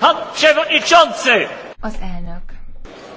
Pan przewodniczący! Az elnök.